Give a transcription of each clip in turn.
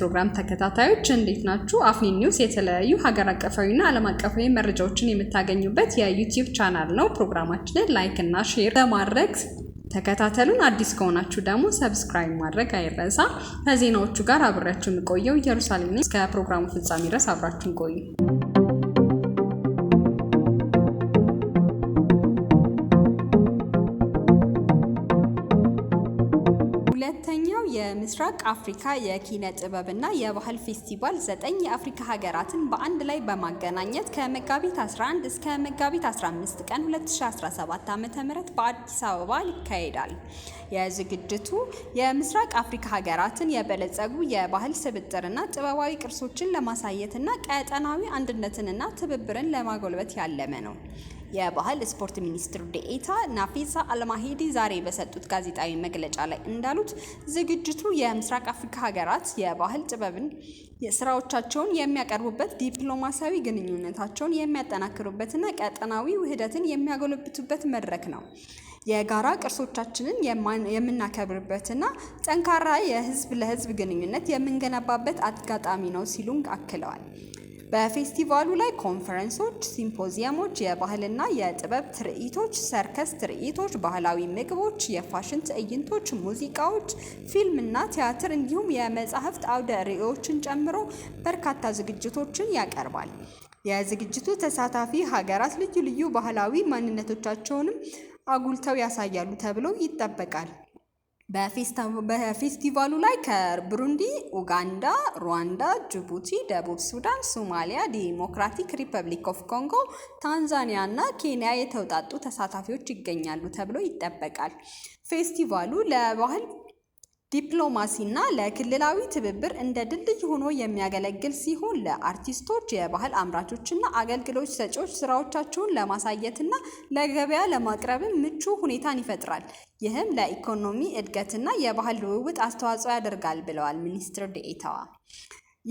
ፕሮግራም ተከታታዮች እንዴት ናችሁ? አፍኒ ኒውስ የተለያዩ ሀገር አቀፋዊና ዓለም አቀፋዊ መረጃዎችን የምታገኙበት የዩቲዩብ ቻናል ነው። ፕሮግራማችንን ላይክ እና ሼር በማድረግ ተከታተሉን። አዲስ ከሆናችሁ ደግሞ ሰብስክራይብ ማድረግ አይረሳ። ከዜናዎቹ ጋር አብሬያችሁ የምቆየው ኢየሩሳሌም ነኝ። እስከ ፕሮግራሙ ፍጻሜ ድረስ አብራችሁን ቆዩ። ሁለተኛ የምስራቅ አፍሪካ የኪነ ጥበብና የባህል ፌስቲቫል ዘጠኝ የአፍሪካ ሀገራትን በአንድ ላይ በማገናኘት ከመጋቢት 11 እስከ መጋቢት 15 ቀን 2017 ዓ.ም በአዲስ አበባ ይካሄዳል። የዝግጅቱ የምስራቅ አፍሪካ ሀገራትን የበለጸጉ የባህል ስብጥርና ጥበባዊ ቅርሶችን ለማሳየትና ቀጠናዊ አንድነትንና ትብብርን ለማጎልበት ያለመ ነው። የባህል ስፖርት ሚኒስትር ዴኤታ ናፊሳ አልማሂዲ ዛሬ በሰጡት ጋዜጣዊ መግለጫ ላይ እንዳሉት ዝግጅቱ የምስራቅ አፍሪካ ሀገራት የባህል ጥበብን ስራዎቻቸውን የሚያቀርቡበት፣ ዲፕሎማሲያዊ ግንኙነታቸውን የሚያጠናክሩበትና ቀጠናዊ ውህደትን የሚያጎለብቱበት መድረክ ነው። የጋራ ቅርሶቻችንን የምናከብርበትና ጠንካራ የህዝብ ለህዝብ ግንኙነት የምንገነባበት አጋጣሚ ነው ሲሉም አክለዋል። በፌስቲቫሉ ላይ ኮንፈረንሶች፣ ሲምፖዚየሞች፣ የባህልና የጥበብ ትርኢቶች፣ ሰርከስ ትርኢቶች፣ ባህላዊ ምግቦች፣ የፋሽን ትዕይንቶች፣ ሙዚቃዎች፣ ፊልምና ቲያትር እንዲሁም የመጻሕፍት አውደ ርዕዮችን ጨምሮ በርካታ ዝግጅቶችን ያቀርባል። የዝግጅቱ ተሳታፊ ሀገራት ልዩ ልዩ ባህላዊ ማንነቶቻቸውንም አጉልተው ያሳያሉ ተብሎ ይጠበቃል። በፌስቲቫሉ ላይ ከብሩንዲ፣ ኡጋንዳ፣ ሩዋንዳ፣ ጅቡቲ፣ ደቡብ ሱዳን፣ ሶማሊያ፣ ዲሞክራቲክ ሪፐብሊክ ኦፍ ኮንጎ፣ ታንዛኒያ እና ኬንያ የተውጣጡ ተሳታፊዎች ይገኛሉ ተብሎ ይጠበቃል። ፌስቲቫሉ ለባህል ዲፕሎማሲና ለክልላዊ ትብብር እንደ ድልድይ ሆኖ የሚያገለግል ሲሆን ለአርቲስቶች፣ የባህል አምራቾችና አገልግሎት ሰጪዎች ስራዎቻቸውን ለማሳየትና ለገበያ ለማቅረብም ምቹ ሁኔታን ይፈጥራል። ይህም ለኢኮኖሚ እድገትና የባህል ልውውጥ አስተዋጽኦ ያደርጋል ብለዋል ሚኒስትር ዴኤታዋ።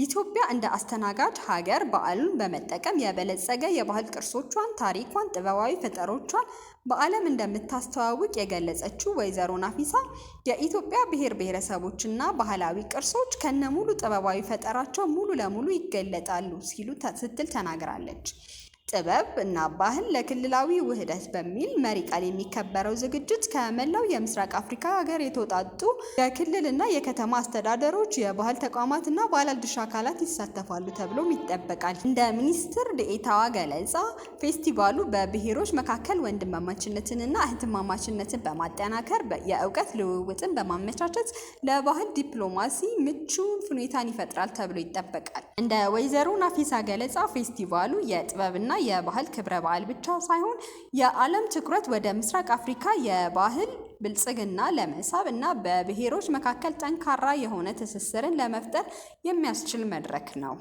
ኢትዮጵያ እንደ አስተናጋጅ ሀገር በዓሉን በመጠቀም የበለጸገ የባህል ቅርሶቿን፣ ታሪኳን፣ ጥበባዊ ፈጠሮቿን በዓለም እንደምታስተዋውቅ የገለጸችው ወይዘሮ ናፊሳ የኢትዮጵያ ብሔር ብሔረሰቦችና ባህላዊ ቅርሶች ከነሙሉ ጥበባዊ ፈጠራቸው ሙሉ ለሙሉ ይገለጣሉ ሲሉ ስትል ተናግራለች። ጥበብ እና ባህል ለክልላዊ ውህደት በሚል መሪ ቃል የሚከበረው ዝግጅት ከመላው የምስራቅ አፍሪካ ሀገር የተውጣጡ የክልልና የከተማ አስተዳደሮች የባህል ተቋማትና ባለድርሻ አካላት ይሳተፋሉ ተብሎም ይጠበቃል። እንደ ሚኒስትር ዴኤታዋ ገለጻ ፌስቲቫሉ በብሔሮች መካከል ወንድማማችነትንና እህትማማችነትን በማጠናከር የእውቀት ልውውጥን በማመቻቸት ለባህል ዲፕሎማሲ ምቹ ሁኔታን ይፈጥራል ተብሎ ይጠበቃል። እንደ ወይዘሮ ናፊሳ ገለጻ ፌስቲቫሉ የጥበብና የባህል ክብረ በዓል ብቻ ሳይሆን የዓለም ትኩረት ወደ ምስራቅ አፍሪካ የባህል ብልጽግና ለመሳብ እና በብሔሮች መካከል ጠንካራ የሆነ ትስስርን ለመፍጠር የሚያስችል መድረክ ነው።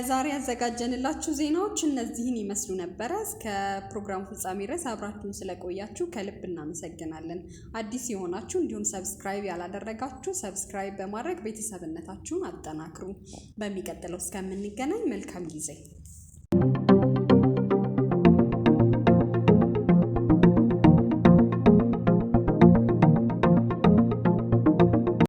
ለዛሬ ያዘጋጀንላችሁ ዜናዎች እነዚህን ይመስሉ ነበረ። እስከ ፕሮግራም ፍጻሜ ድረስ አብራችሁን ስለቆያችሁ ከልብ እናመሰግናለን። አዲስ የሆናችሁ እንዲሁም ሰብስክራይብ ያላደረጋችሁ ሰብስክራይብ በማድረግ ቤተሰብነታችሁን አጠናክሩ። በሚቀጥለው እስከምንገናኝ መልካም ጊዜ